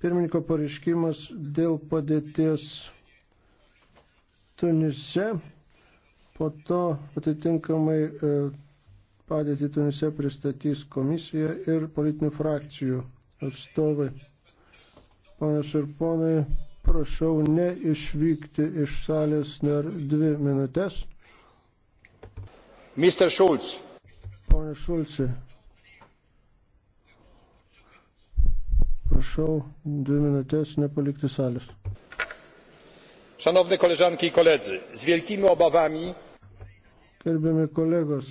pirmininko pareiškimas dėl padėties Tunise, po to atitinkamai e, padėtį Tunise pristatys komisija ir politinių frakcijų atstovai. Panas ir ponai, prašau neišvykti iš salės dar dvi minutės. Mr. Schulz. Pone Šulce, prašau dvi minutės nepalikti salės. Szanowne koleżanki i koledzy, z wielkimi obawami. Gerbiami kolegos,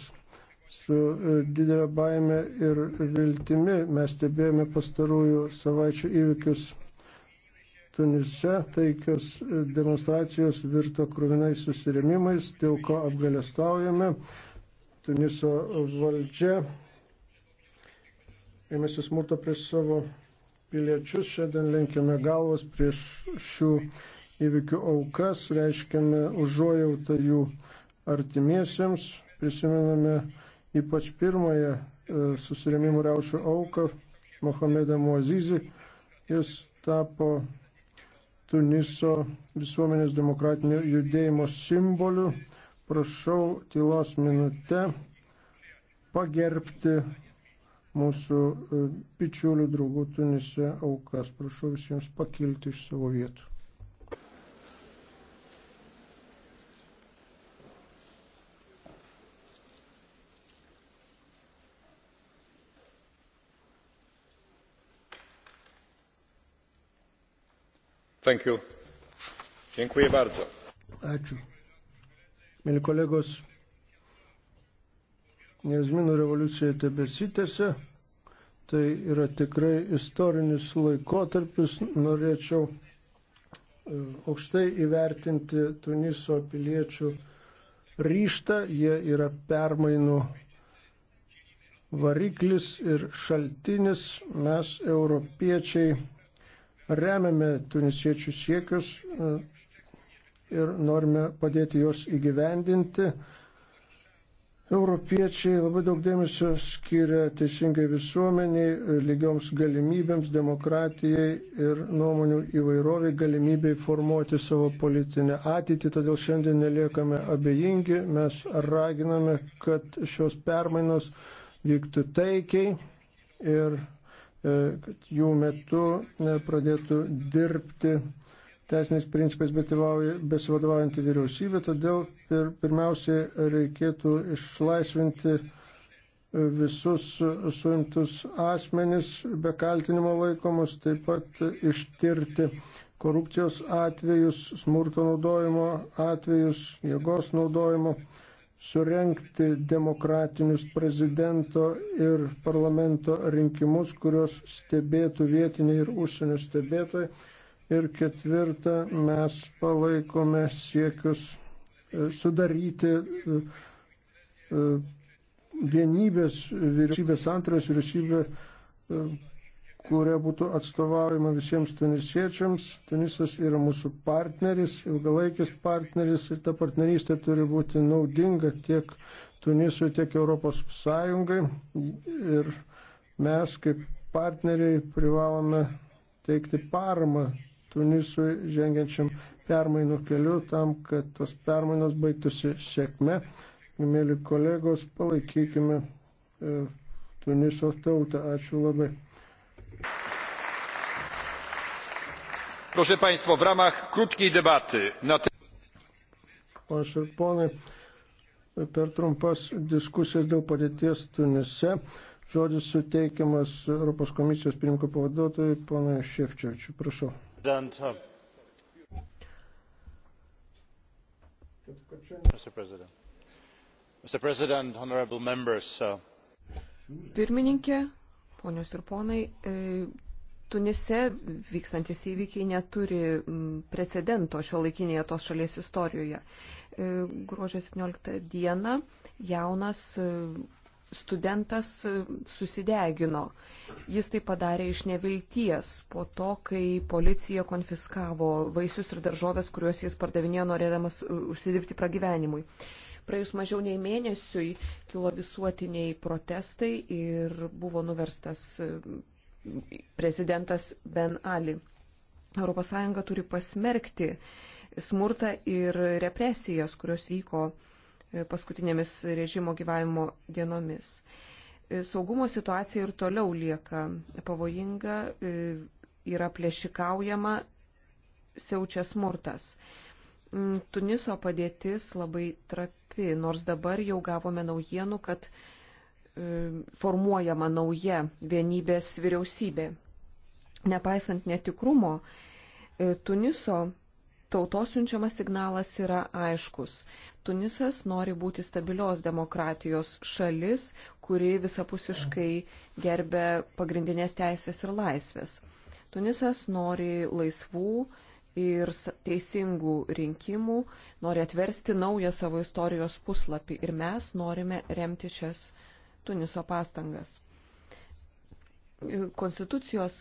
su e, didelė baime ir viltimi mes stebėjome pastarųjų savaičių įvykius Tunise taikios e, demonstracijos virto krūvinai susirėmimais, dėl ko apgalėstaujame. Tuniso valdžia ėmėsi smurto prieš savo piliečius. Šiandien lenkiame galvas prieš šių įvykių aukas, reiškiame užuojautą jų artimiesiems, prisimename ypač pirmąją e, susirėmimų riaušių auką, Mohamedą Muazizį. Jis tapo Tuniso visuomenės demokratinio judėjimo simboliu. Prašau tylos minutę pagerbti mūsų e, bičiulių draugų Tunise aukas. Prašau visiems pakilti iš savo vietų. Dziękuję bardzo. Ačiū. Mėly kolegos, Jazminų revoliucija tebesitėse. Tai yra tikrai istorinis laikotarpis. Norėčiau e, aukštai įvertinti Tuniso piliečių ryštą. Jie yra permainų variklis ir šaltinis. Mes, europiečiai, remiame tunisiečių siekius e, ir norime padėti juos įgyvendinti. Europiečiai labai daug dėmesio skiria teisingai visuomeniai, lygioms galimybėms, demokratijai ir nuomonių įvairoviai, galimybėj formuoti savo politinę ateitį, todėl šiandien neliekame abejingi, mes raginame, kad šios permainos vyktų taikiai ir e, kad jų metu e, pradėtų dirbti teisiniais principais besivadovaujanti vyriausybė, todėl pir, pirmiausiai reikėtų išlaisvinti e, visus suimtus asmenis be kaltinimo laikomus, taip pat ištirti korupcijos atvejus, smurto naudojimo atvejus, jėgos naudojimo, surenkti demokratinius prezidento ir parlamento rinkimus, kurios stebėtų vietiniai ir užsienio stebėtojai Ir ketvirta, mes palaikome siekius e, sudaryti e, e, vienybės vyriausybės, antras vyriausybė, kuria būtų atstovaujama visiems tunisiečiams. Tunisas yra mūsų partneris, ilgalaikis partneris ir ta partnerystė turi būti naudinga tiek Tunisui, tiek Europos Sąjungai. Ir mes kaip partneriai privalome teikti paramą Tunisui žengiančiam permainų keliu tam, kad tos permainos baigtųsi sėkme. Mėly kolegos, palaikykime e, Tuniso tautą. Ačiū labai. Proszę Państwa, w ramach krótkiej debaty na temat. Panie ir ponai, per trumpas diskusijas dėl padėties Tunise žodis suteikiamas Europos komisijos pirmininko pavaduotojai, ponai Šefčiovičiu. Prašau. Uh, mr president honourable members uh, pirmininke ponios ir ponai e, tunise vykstantys įvykiai neturi precedento šiuolaikinėje tos šalies istorijoje e, gruodžio septynioliktą dieną jaunas studentas e, susidegino. Jis tai padarė iš nevilties po to, kai policija konfiskavo vaisius ir daržovės, kuriuos jis pardavinėjo norėdamas e, užsidirbti pragyvenimui. Praėjus mažiau nei mėnesiui kilo visuotiniai protestai ir buvo nuverstas e, prezidentas Ben Ali. ES turi pasmerkti smurtą ir represijas, kurios vyko E, paskutinėmis režimo gyvavimo dienomis. E, saugumo situacija ir toliau lieka pavojinga, e, yra plėšikaujama, siaučia smurtas. Mm, Tuniso padėtis labai trapi, nors dabar jau gavome naujienų, kad formuojama nauja vienybės vyriausybė. Nepaisant netikrumo, Tuniso tautos siunčiamas signalas yra aiškus. Tunisas nori būti stabilios demokratijos šalis, kuri visapusiškai gerbė pagrindinės teisės ir laisvės. Tunisas nori laisvų ir teisingų rinkimų, nori atversti naują savo istorijos puslapį ir mes norime remti šias Tuniso pastangas. Konstitucijos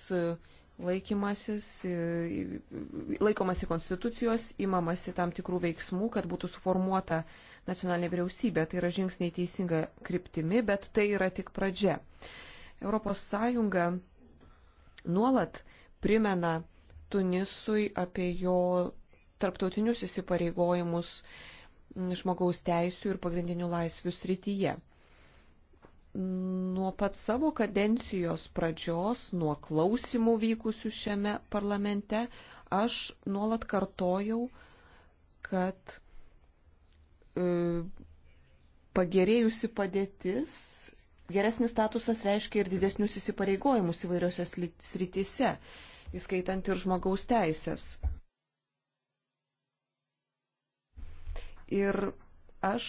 laikymasis, e, e, laikomasi konstitucijos, imamasi tam tikrų veiksmų, kad būtų suformuota nacionalinė vyriausybė. Tai yra žingsniai teisinga kryptimi, bet tai yra tik pradžia. ES nuolat primena Tunisui apie jo tarptautinius įsipareigojimus žmogaus teisų ir pagrindinių laisvių srityje nuo pat savo kadencijos pradžios, nuo klausimų vykusių šiame parlamente, aš nuolat kartojau, kad e, pagerėjusi padėtis, geresnis statusas reiškia ir didesnius įsipareigojimus įvairiose srityse, įskaitant ir žmogaus teisės. Ir aš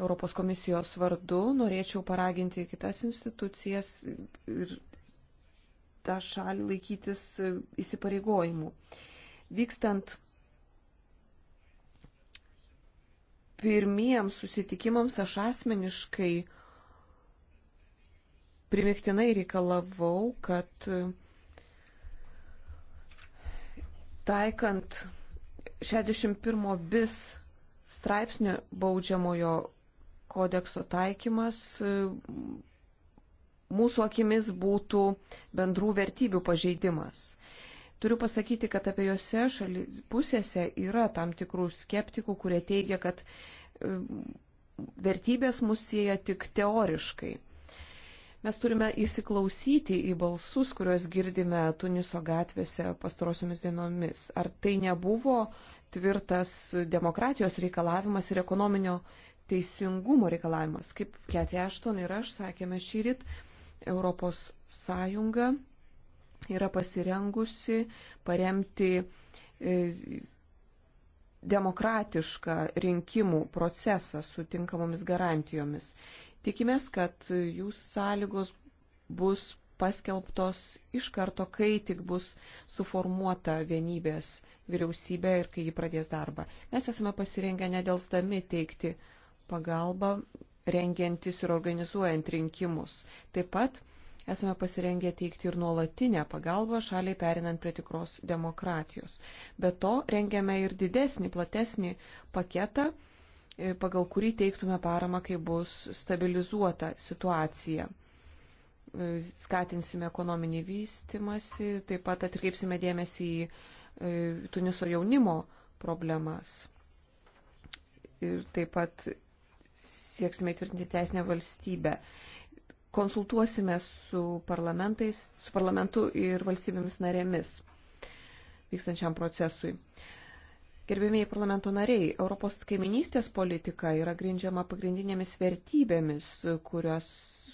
Europos komisijos vardu norėčiau paraginti kitas institucijas ir tą šalį laikytis įsipareigojimų. Vykstant pirmiems susitikimams aš asmeniškai primiktinai reikalavau, kad taikant 61 bis straipsnio baudžiamojo kodekso taikymas e, mūsų akimis būtų bendrų vertybių pažeidimas. Turiu pasakyti, kad abiejose šali, pusėse yra tam tikrų skeptikų, kurie teigia, kad e, vertybės mus sieja tik teoriškai. Mes turime įsiklausyti į balsus, kuriuos girdime Tuniso gatvėse pastarosiomis dienomis. Ar tai nebuvo tvirtas demokratijos reikalavimas ir ekonominio teisingumo reikalavimas. Kaip Keti Ašton ir aš sakėme šį ryt, Europos Sąjunga yra pasirengusi paremti e, demokratišką rinkimų procesą su tinkamomis garantijomis. Tikimės, kad jų sąlygos bus paskelbtos iš karto, kai tik bus suformuota vienybės vyriausybė ir kai ji pradės darbą. Mes esame pasirengę nedelsdami teikti pagalbą rengiantis ir organizuojant rinkimus. Taip pat esame pasirengę teikti ir nuolatinę pagalbą šaliai perinant prie tikros demokratijos. Be to rengiame ir didesnį, platesnį paketą, e, pagal kurį teiktume paramą, kai bus stabilizuota situacija. E, skatinsime ekonominį vystimąsi, taip pat atkreipsime dėmesį į e, Tuniso jaunimo problemas. Ir taip pat sieksime įtvirtinti teisinę valstybę. Konsultuosime su, su parlamentu ir valstybėmis narėmis vykstančiam procesui. Gerbėmiai parlamento nariai, Europos kaiminystės politika yra grindžiama pagrindinėmis vertybėmis, kurios,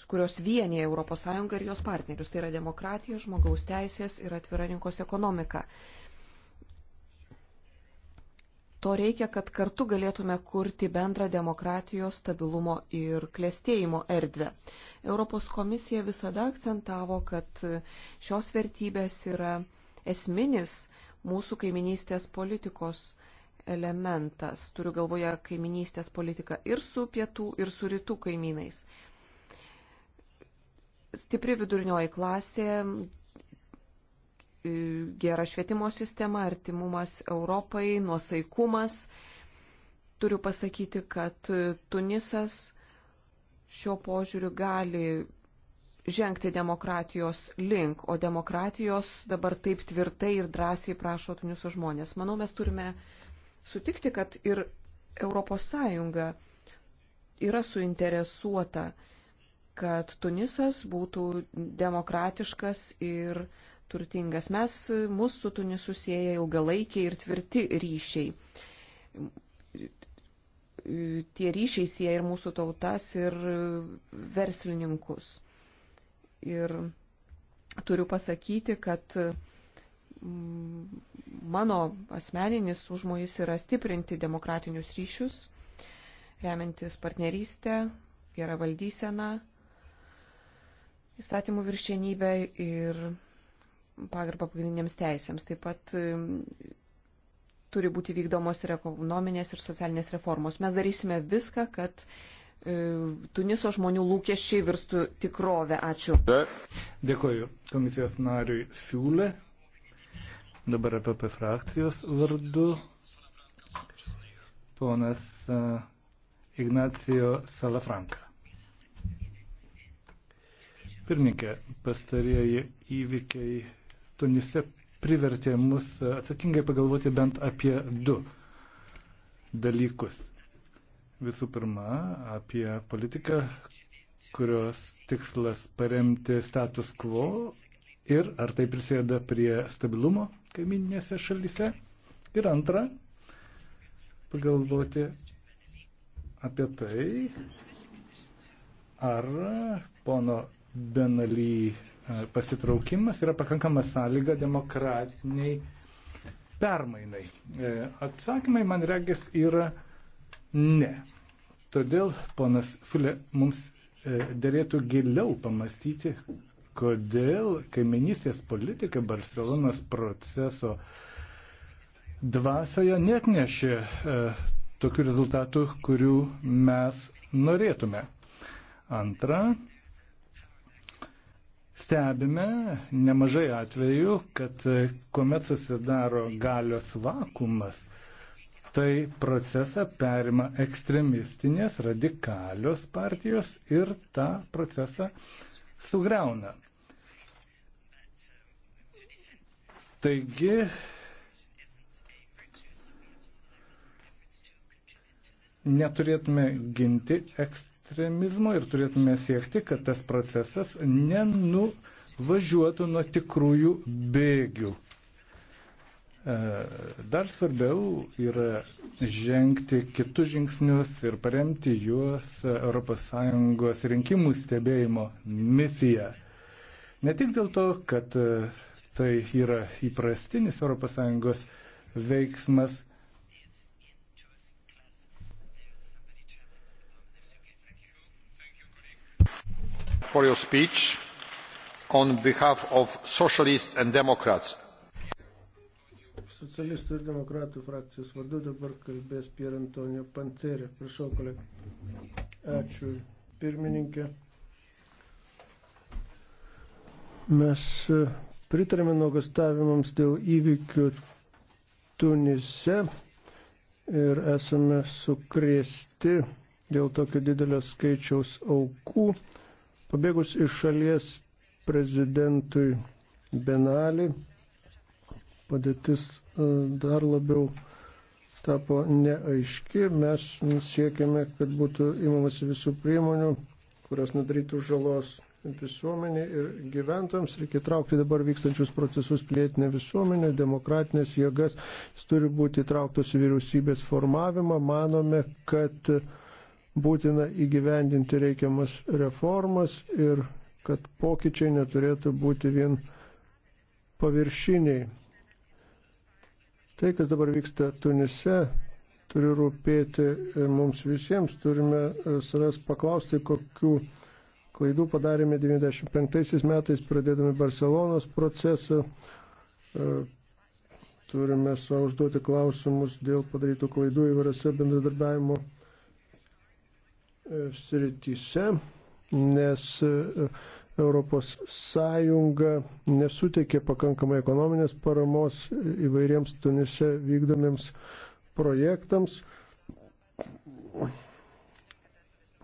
kurios vienyje ES ir jos partnerius. Tai yra demokratija, žmogaus teisės ir atvira rinkos ekonomika. To reikia, kad kartu galėtume kurti bendrą demokratijos stabilumo ir klėstėjimo erdvę. Europos komisija visada akcentavo, kad šios vertybės yra esminis mūsų kaiminystės politikos elementas. Turiu galvoje kaiminystės politiką ir su pietų, ir su rytų kaimynais stipri vidurinioji klasė, gera švietimo sistema, artimumas Europai, nuosaikumas. Turiu pasakyti, kad Tunisas šiuo požiūriu gali žengti demokratijos link, o demokratijos dabar taip tvirtai ir drąsiai prašo Tuniso žmonės. Manau, mes turime sutikti, kad ir ES yra suinteresuota, kad Tunisas būtų demokratiškas ir turtingas. Mes, mūsų Tunisu sieja ilgalaikiai ir tvirti ryšiai. Tie ryšiai sieja ir mūsų tautas, ir verslininkus. Ir turiu pasakyti, kad mm, mano asmeninis užmojis yra stiprinti demokratinius ryšius, remiantis partnerystę, gerą valdyseną, įstatymų viršienybę ir pagarbą pagrindiniams teisėms. Taip pat turi būti vykdomos ir ekonominės, ir socialinės reformos. Mes darysime viską, kad e, Tuniso žmonių lūkesčiai virstų tikrovę. Ačiū. Dėkoju komisijos nariui Fiulė. Dabar apie, apie frakcijos vardu. Ponas e, Ignacijo Salafranka. Pirmininkė, pastarieji įvykiai Tunise privertė mus atsakingai pagalvoti bent apie du dalykus. Visų pirma, apie politiką, kurios tikslas paremti status quo ir ar tai prisėda prie stabilumo kaiminėse šalyse. Ir antra, pagalvoti apie tai, ar pono Benaly pasitraukimas yra pakankama sąlyga demokratiniai permainai. E, atsakymai, man regis, yra ne. Todėl, ponas Fulė, mums e, dėlėtų giliau pamastyti, kodėl kaiminystės politika Barcelonas proceso dvasioje net nešė e, tokių rezultatų, kurių mes norėtume. Antra, Stebime nemažai atvejų, kad kuomet susidaro galios vakumas, tai procesą perima ekstremistinės, radikalios partijos ir tą procesą sugriauna. Taigi, neturėtume ginti ekstremistinės ekstremizmo ir turėtume siekti, kad tas procesas nenuvažiuotų nuo tikrųjų bėgių. E, dar svarbiau yra žengti kitus žingsnius ir paremti juos ES rinkimų stebėjimo misiją. Ne tik dėl to, kad e, tai yra įprastinis ES veiksmas, for your speech on behalf of Socialists and Democrats. Socialistų ir demokratų frakcijos vardu dabar kalbės Pier Antonio Pancerė. Prašau, kolega. Ačiū, pirmininkė. Mes e, pritarėme nuogastavimams dėl įvykių Tunise ir esame sukrėsti dėl tokio didelio skaičiaus aukų. Pabėgus iš šalies prezidentui Benali, padėtis e, dar labiau tapo neaiški. Mes siekiame, kad būtų imamasi visų priemonių, kurios nedarytų žalos visuomenė ir gyventojams reikia traukti dabar vykstančius procesus plėtinę visuomenę, demokratinės jėgas, jis turi būti įtrauktos į vyriausybės formavimą. Manome, kad uh, būtina įgyvendinti reikiamas reformas ir kad pokyčiai neturėtų būti vien paviršiniai. Tai, kas dabar vyksta Tunise, turi rūpėti ir mums visiems. Turime e, savęs paklausti, kokiu klaidų padarėme 95 metais, pradėdami Barcelonos procesą. E, turime savo užduoti klausimus dėl padarytų klaidų įvairiose bendradarbiavimo srityse, nes e, Europos Sąjunga nesuteikė pakankamai ekonominės paramos įvairiems Tunise vykdomiems projektams.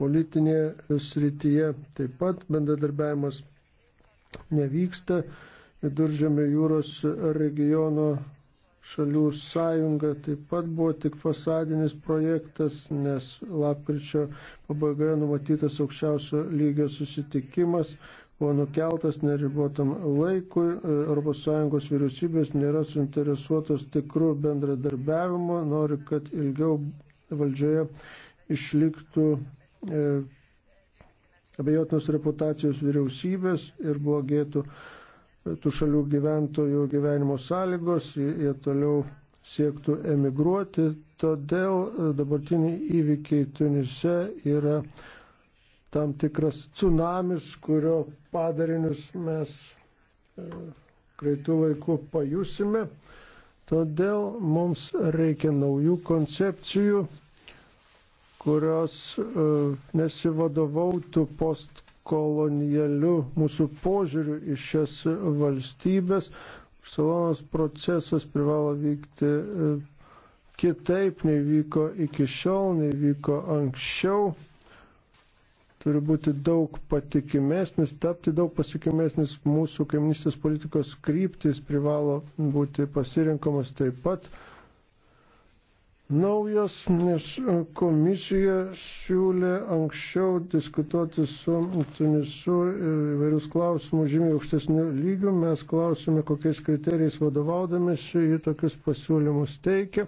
Politinėje srityje taip pat bendradarbiavimas nevyksta. Viduržėmio jūros regiono šalių sąjunga taip pat buvo tik fasadinis projektas, nes lapkričio pabaigoje numatytas aukščiausio lygio susitikimas buvo nukeltas neribotam laikui. ES vyriausybės nėra suinteresuotos tikrų bendradarbiavimo, nori, kad ilgiau valdžioje išliktų e, abejotinos reputacijos vyriausybės ir blogėtų. E, tų šalių gyventojų gyvenimo sąlygos, jie toliau siektų emigruoti. Todėl e, dabartiniai įvykiai Tunise yra tam tikras tsunamis, kurio padarinius mes e, greitų laikų pajusime. Todėl mums reikia naujų koncepcijų, kurios e, nesivadovautų post kolonialiu mūsų požiūriu iš šias valstybės. Salonos procesas privalo vykti e, kitaip, nei vyko iki šiol, nei vyko anksčiau. Turi būti daug patikimesnis, tapti daug pasikimesnis mūsų kaimynystės politikos kryptis privalo būti pasirinkamas taip pat naujas, nes e, komisija siūlė anksčiau diskutuoti su Tunisu įvairius klausimus žymiai aukštesnių lygių. Mes klausime, kokiais kriterijais vadovaudamėsi į tokius pasiūlymus teikia.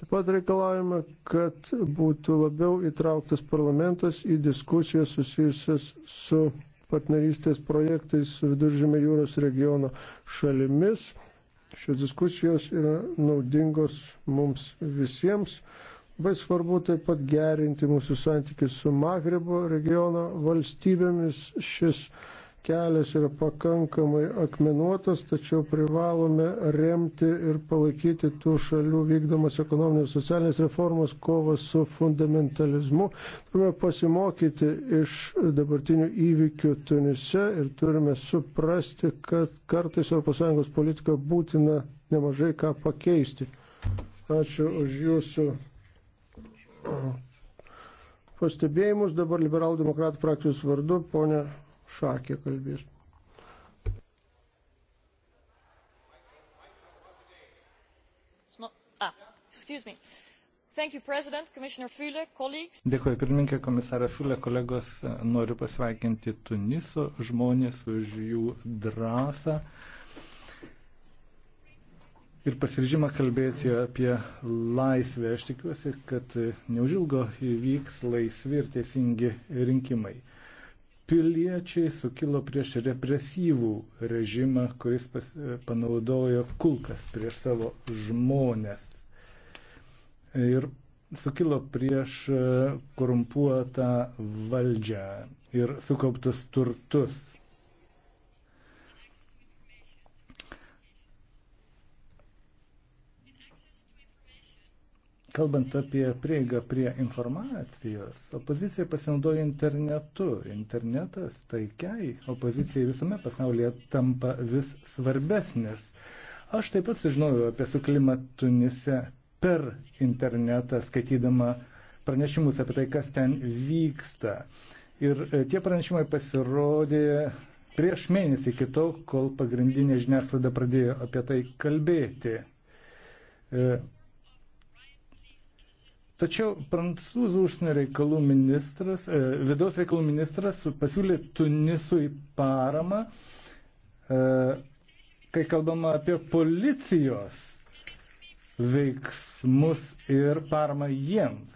Taip pat reikalavome, kad būtų labiau įtrauktas parlamentas į diskusijas susijusias su partnerystės projektais viduržymė jūros regiono šalimis. Šios diskusijos yra naudingos mums visiems. Labai svarbu taip pat gerinti mūsų santykius su Magrebo regiono valstybėmis. Šis kelias yra pakankamai akmenuotas, tačiau privalome remti ir palaikyti tų šalių vykdomas ekonominės socialinės reformos kovas su fundamentalizmu. Turime pasimokyti iš dabartinių įvykių Tunise ir turime suprasti, kad kartais ES politika būtina nemažai ką pakeisti. Ačiū už jūsų uh, pastebėjimus. Dabar liberaldemokratų frakcijos vardu, ponė Šakė kalbės. Ah, Dėkuoju pirmininkė, komisarė Fulė, kolegos, noriu pasveikinti Tuniso žmonės už jų drąsą ir pasiryžimą kalbėti apie laisvę. Aš tikiuosi, kad neužilgo įvyks laisvi ir teisingi rinkimai piliečiai sukilo prieš represyvų režimą, kuris pas, panaudojo kulkas prieš savo žmonės. Ir sukilo prieš e, korumpuotą valdžią ir sukauptus turtus. Kalbant apie prieigą prie informacijos, opozicija pasinaudoja internetu. Internetas taikiai opozicijai visame pasaulyje tampa vis svarbesnis. Aš taip pat sužinojau apie suklimą Tunise per internetą, skaitydama pranešimus apie tai, kas ten vyksta. Ir e, tie pranešimai pasirodė prieš mėnesį iki to, kol pagrindinė žiniasklaida pradėjo apie tai kalbėti. E, Tačiau prancūzų užsienio reikalų ministras, e, vidaus reikalų ministras pasiūlė Tunisui paramą, e, kai kalbama apie policijos veiksmus ir paramą jiems.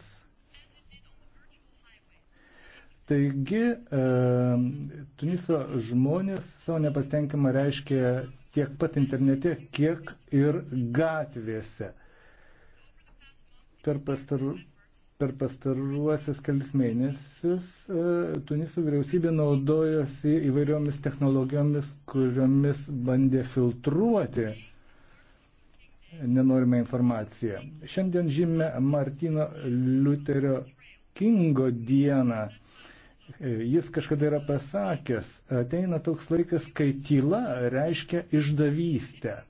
Taigi, e, Tuniso žmonės savo nepastenkimą reiškia tiek pat internete, kiek ir gatvėse. Per, pastaru, per pastaruosius kelis mėnesius e, Tuniso vyriausybė naudojosi įvairiomis technologijomis, kuriomis bandė filtruoti nenorimą informaciją. Šiandien žymė Martino Liuterio Kingo dieną. E, jis kažkada yra pasakęs, ateina toks laikas, kai tyla reiškia išdavystę.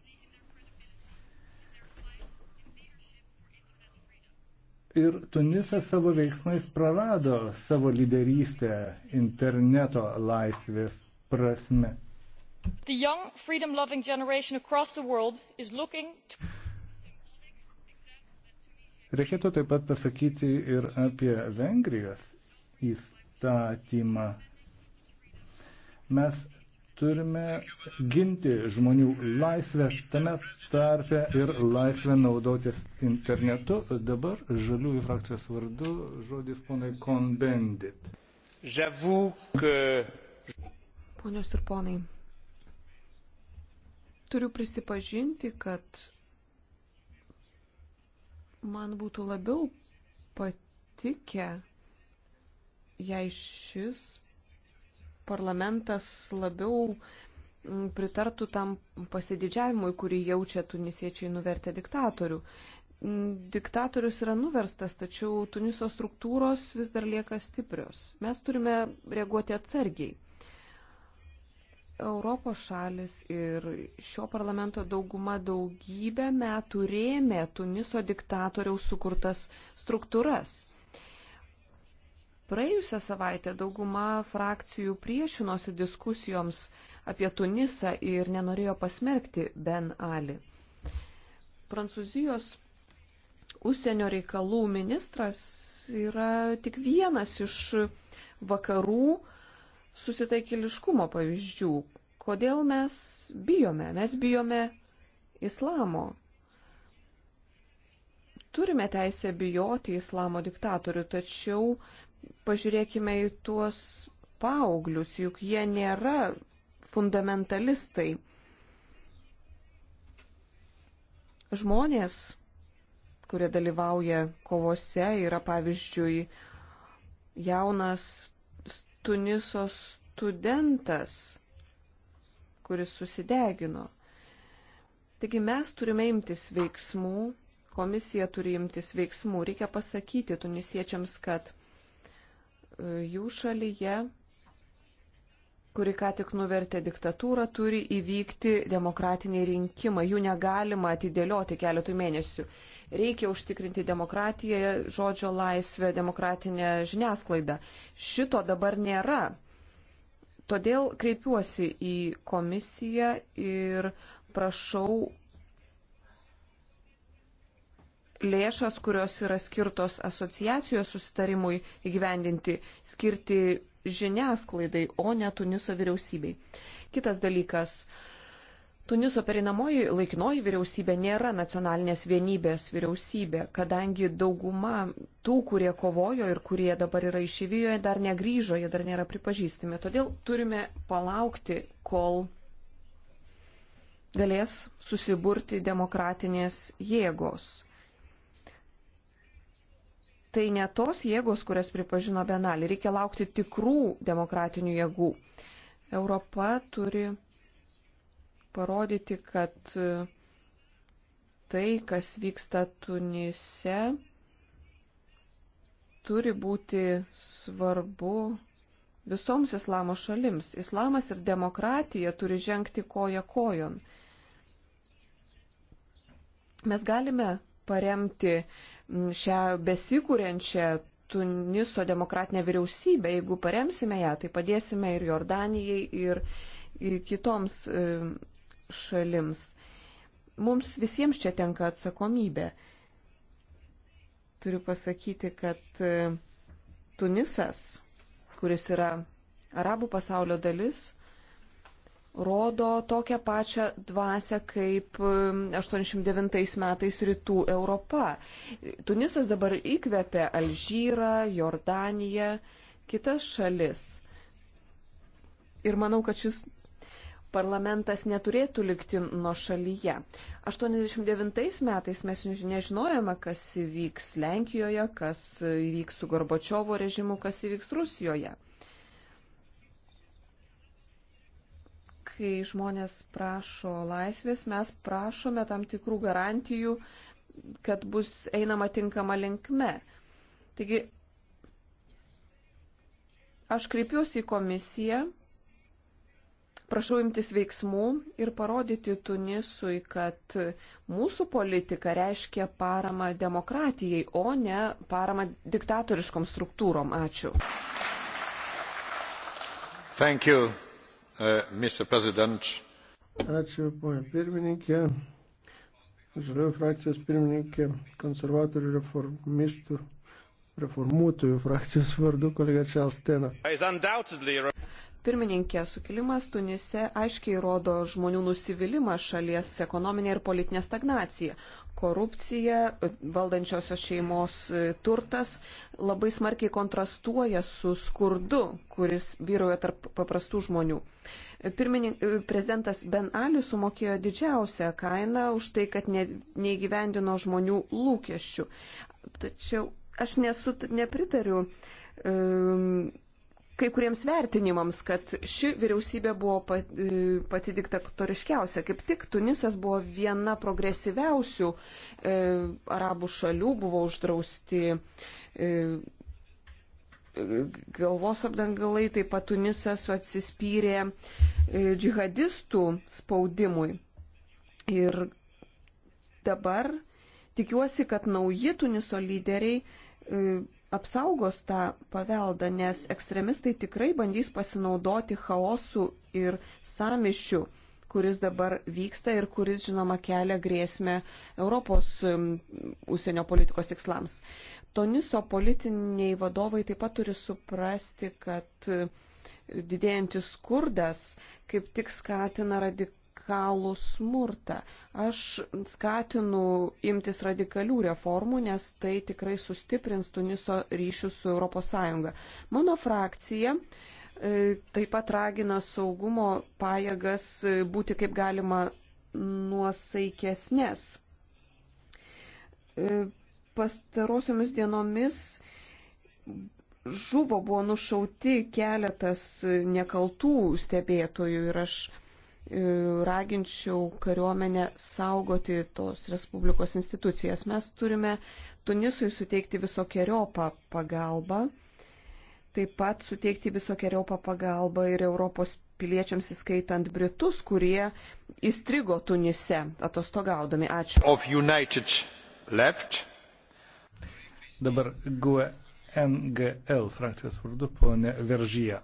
ir Tunisas savo veiksmais prarado savo lyderystę interneto laisvės prasme. The young freedom loving generation across the world is looking to... Reikėtų taip pat pasakyti ir apie Vengrijos įstatymą. Mes Turime ginti žmonių laisvę, tame tarpe ir laisvę naudotis internetu. Dabar žaliųjų frakcijos vardu žodis ponai Konbendit. Ponios ir ponai, turiu prisipažinti, kad man būtų labiau patikę, jei šis parlamentas labiau mm, pritartų tam pasididžiavimui, kurį jaučia tunisiečiai nuvertę diktatorių. Mm, diktatorius yra nuverstas, tačiau Tuniso struktūros vis dar lieka stiprios. Mes turime reaguoti atsargiai. Europos šalis ir šio parlamento dauguma daugybę metų rėmė Tuniso diktatoriaus sukurtas struktūras Praėjusią savaitę dauguma frakcijų priešinosi diskusijoms apie Tunisą ir nenorėjo pasmerkti Ben Ali. Prancūzijos užsienio reikalų ministras yra tik vienas iš vakarų susitaikiliškumo pavyzdžių. Kodėl mes bijome? Mes bijome islamo. Turime teisę bijoti islamo diktatorių, tačiau pažiūrėkime į tuos paauglius, juk jie nėra fundamentalistai. Žmonės, kurie dalyvauja kovose, yra pavyzdžiui jaunas Tuniso studentas, kuris susidegino. Taigi mes turime imtis veiksmų, komisija turi imtis veiksmų. Reikia pasakyti tunisiečiams, kad jų šalyje, kuri ką tik nuvertė diktatūrą, turi įvykti demokratiniai rinkimai. Jų negalima atidėlioti keletų mėnesių. Reikia užtikrinti demokratiją, žodžio laisvę, demokratinę žiniasklaidą. Šito dabar nėra. Todėl kreipiuosi į komisiją ir prašau lėšas, kurios yra skirtos asociacijos susitarimui įgyvendinti, skirti žiniasklaidai, o ne Tuniso vyriausybei. Kitas dalykas. Tuniso perinamoji laikinoji vyriausybė nėra nacionalinės vienybės vyriausybė, kadangi dauguma tų, kurie kovojo ir kurie dabar yra išėvijoje, dar negryžo, jie dar nėra pripažįstami. Todėl turime palaukti, kol galės susiburti demokratinės jėgos tai ne tos jėgos, kurias pripažino Benalį. Reikia laukti tikrų demokratinių jėgų. Europa turi parodyti, kad e, tai, kas vyksta Tunise, turi būti svarbu visoms islamo šalims. Islamas ir demokratija turi žengti koja kojon. Mes galime paremti uh, šią besikūrenčią Tuniso demokratinę vyriausybę, jeigu paremsime ją, tai padėsime ir Jordanijai, ir, ir kitoms e, šalims. Mums visiems čia tenka atsakomybė. Turiu pasakyti, kad e, Tunisas, kuris yra arabų pasaulio dalis, rodo tokią pačią dvasę kaip 89 um, metais rytų Europa. Tunisas dabar įkvepia Alžyrą, Jordaniją, kitas šalis. Ir manau, kad šis parlamentas neturėtų likti nuo šalyje. 89 metais mes nežinojame, kas įvyks Lenkijoje, kas įvyks su Gorbačiovo režimu, kas įvyks Rusijoje. kai žmonės prašo laisvės, mes prašome tam tikrų garantijų, kad bus einama tinkama linkme. Taigi, aš kreipiuosi į komisiją, prašau imtis veiksmų ir parodyti Tunisui, kad mūsų politika reiškia paramą demokratijai, o ne paramą diktatoriškom struktūrom. Ačiū. Thank you. Uh, Mr. President. Ačiū, ponė pirmininkė. Žaliųjų frakcijos pirmininkė, konservatorių reformistų, reformuotojų frakcijos vardu kolega Čelstena. Pirmininkė, sukilimas Tunise aiškiai rodo žmonių nusivylimą šalies ekonominė ir politinė stagnacija korupcija, valdančiosios šeimos e, turtas labai smarkiai kontrastuoja su skurdu, kuris vyroja tarp paprastų žmonių. Pirminink, e, prezidentas Ben Ali sumokėjo didžiausią kainą už tai, kad ne, neįgyvendino žmonių lūkesčių. Tačiau aš nesu, nepritariu um, kai kuriems vertinimams, kad ši vyriausybė buvo pati, e, pati diktatoriškiausia. Kaip tik Tunisas buvo viena progresyviausių e, arabų šalių, buvo uždrausti e, galvos apdangalai, taip pat Tunisas atsispyrė e, džihadistų spaudimui. Ir dabar tikiuosi, kad nauji Tuniso lyderiai e, apsaugos tą paveldą, nes ekstremistai tikrai bandys pasinaudoti chaosu ir samišiu, kuris dabar vyksta ir kuris, žinoma, kelia grėsmę Europos užsienio politikos tikslams. Toniso politiniai vadovai taip pat turi suprasti, kad e, didėjantis skurdas kaip tik skatina radik radikalų smurtą. Aš skatinu imtis radikalių reformų, nes tai tikrai sustiprins Tuniso ryšius su ES. Mano frakcija e, taip pat ragina saugumo pajėgas e, būti kaip galima nuosaikesnės. E, pastarosiomis dienomis žuvo, buvo nušauti keletas nekaltų stebėtojų ir aš raginčiau kariuomenę saugoti tos Respublikos institucijas. Mes turime Tunisui suteikti visokiojopą pagalbą, taip pat suteikti visokiojopą pagalbą ir Europos piliečiams, įskaitant Britus, kurie įstrigo Tunise atostogaudami. Ačiū. Dabar GUE NGL frakcijos vardu ponė Veržyje.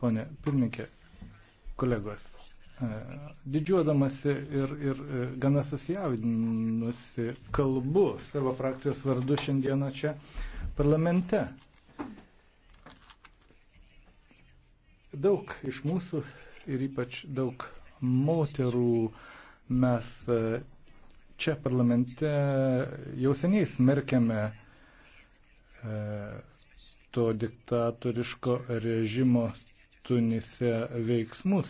Pone pirmininkė, kolegos. E, didžiuodamasi ir, ir e, gana susijaudinusi kalbu savo frakcijos vardu šiandieną čia parlamente. Daug iš mūsų ir ypač daug moterų mes e, čia parlamente jau seniai smerkiame to diktatoriško režimo Tunise veiksmus.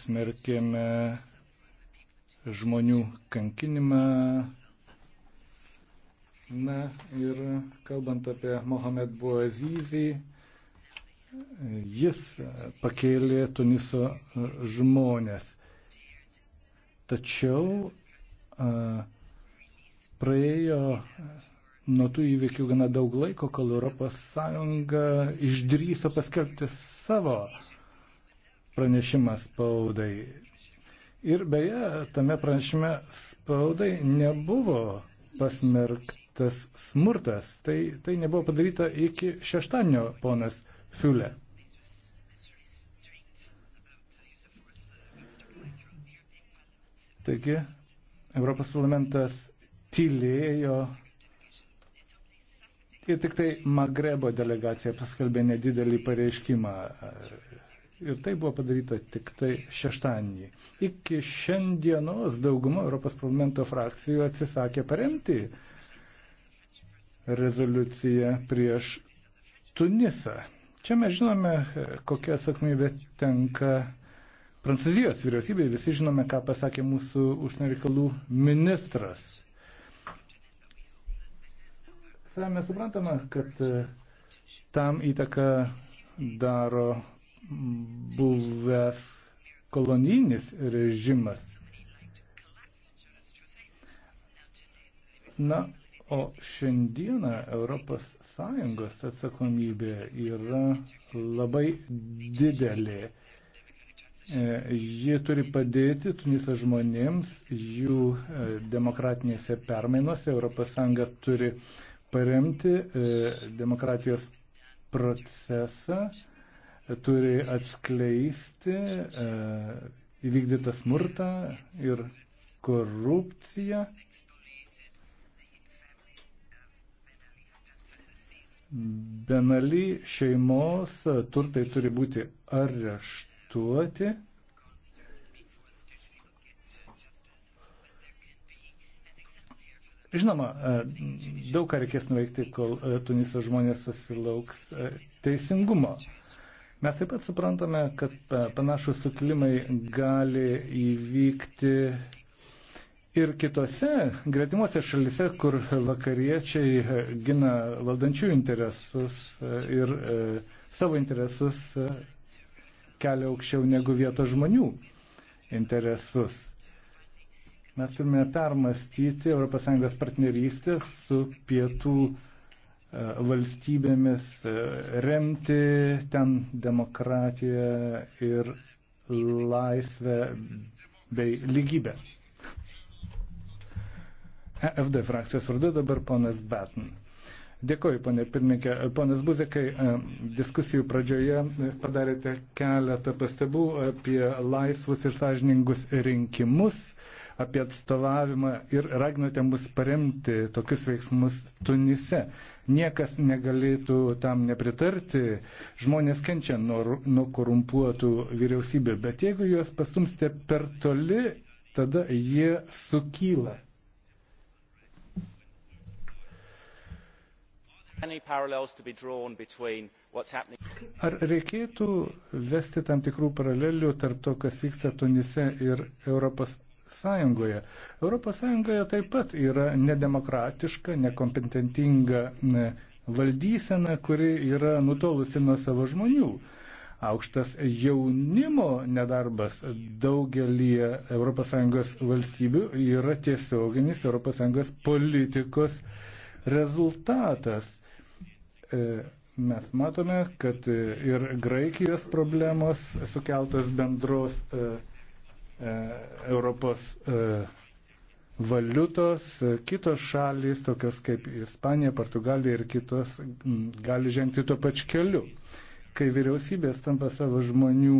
Smerkėme žmonių kankinimą. Na ir kalbant apie Mohamed Bouazizį, jis pakėlė Tuniso žmonės. Tačiau praėjo nuo tų įvykių gana daug laiko, kol ES išdryso paskelbti savo pranešimą spaudai. Ir beje, tame pranešime spaudai nebuvo pasmerktas smurtas. Tai, tai nebuvo padaryta iki šeštadienio, ponas Fiulė. Taigi, Europos parlamentas tylėjo Ir tik tai Magrebo delegacija paskelbė nedidelį pareiškimą. Ir tai buvo padaryta tik tai šeštadienį. Iki šiandienos dauguma Europos parlamento frakcijų atsisakė paremti rezoliuciją prieš Tunisą. Čia mes žinome, kokia atsakomybė tenka Prancūzijos vyriausybė. Visi žinome, ką pasakė mūsų užsienio reikalų ministras. Savame suprantama, kad e, tam įtaką daro buvęs kolonijinis režimas. Na, o šiandieną ES atsakomybė yra labai didelė. E, ji turi padėti Tuniso žmonėms jų e, demokratinėse permainose. ES turi paremti e, demokratijos procesą, e, turi atskleisti e, įvykdytą smurtą ir korupciją. Benali šeimos turtai turi būti areštuoti. Žinoma, e, daug ką reikės nuveikti, kol e, Tuniso žmonės susilauks e, teisingumo. Mes taip pat suprantame, kad panašus suklimai gali įvykti ir kitose gretimuose šalise, kur vakariečiai gina valdančių interesus ir savo interesus kelia aukščiau negu vietos žmonių interesus. Mes turime permastyti ES partnerystės su pietų e, valstybėmis, e, remti ten demokratiją ir laisvę bei lygybę. EFD frakcijos vardu dabar ponas Batten. Dėkoju, ponė pirmininkė. Ponas Buzekai, e, diskusijų pradžioje padarėte keletą pastabų apie laisvus ir sąžiningus rinkimus apie atstovavimą ir raginote mus paremti tokius veiksmus Tunise. Niekas negalėtų tam nepritarti, žmonės kenčia nuo, nuo korumpuotų vyriausybių, bet jeigu juos pastumsite per toli, tada jie sukyla. Ar reikėtų vesti tam tikrų paralelių tarp to, kas vyksta Tunise ir Europos Sąjungoje. Europos Sąjungoje taip pat yra nedemokratiška, nekompetentinga e, valdysena, kuri yra nutolusi nuo savo žmonių. Aukštas jaunimo nedarbas daugelį ES valstybių yra tiesioginis ES politikos rezultatas. E, mes matome, kad ir Graikijos problemos sukeltos bendros e, E, Europos e, valiutos, kitos šalys, tokios kaip Ispanija, Portugalija ir kitos, gali žengti tuo pačiu keliu. Kai vyriausybės tampa savo žmonių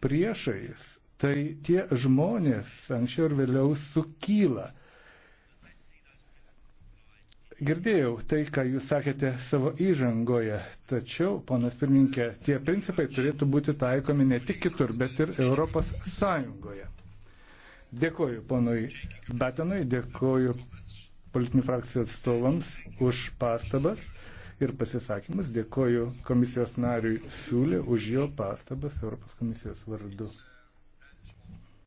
priešais, tai tie žmonės anksčiau ir vėliau sukyla. Girdėjau tai, ką jūs sakėte savo įžangoje, tačiau, ponas pirmininkė, tie principai turėtų būti taikomi ne tik kitur, bet ir Europos Sąjungoje. Dėkoju ponui Betenui, dėkoju politinių frakcijų atstovams už pastabas ir pasisakymus, dėkoju komisijos nariui Siūlė už jo pastabas Europos komisijos vardu.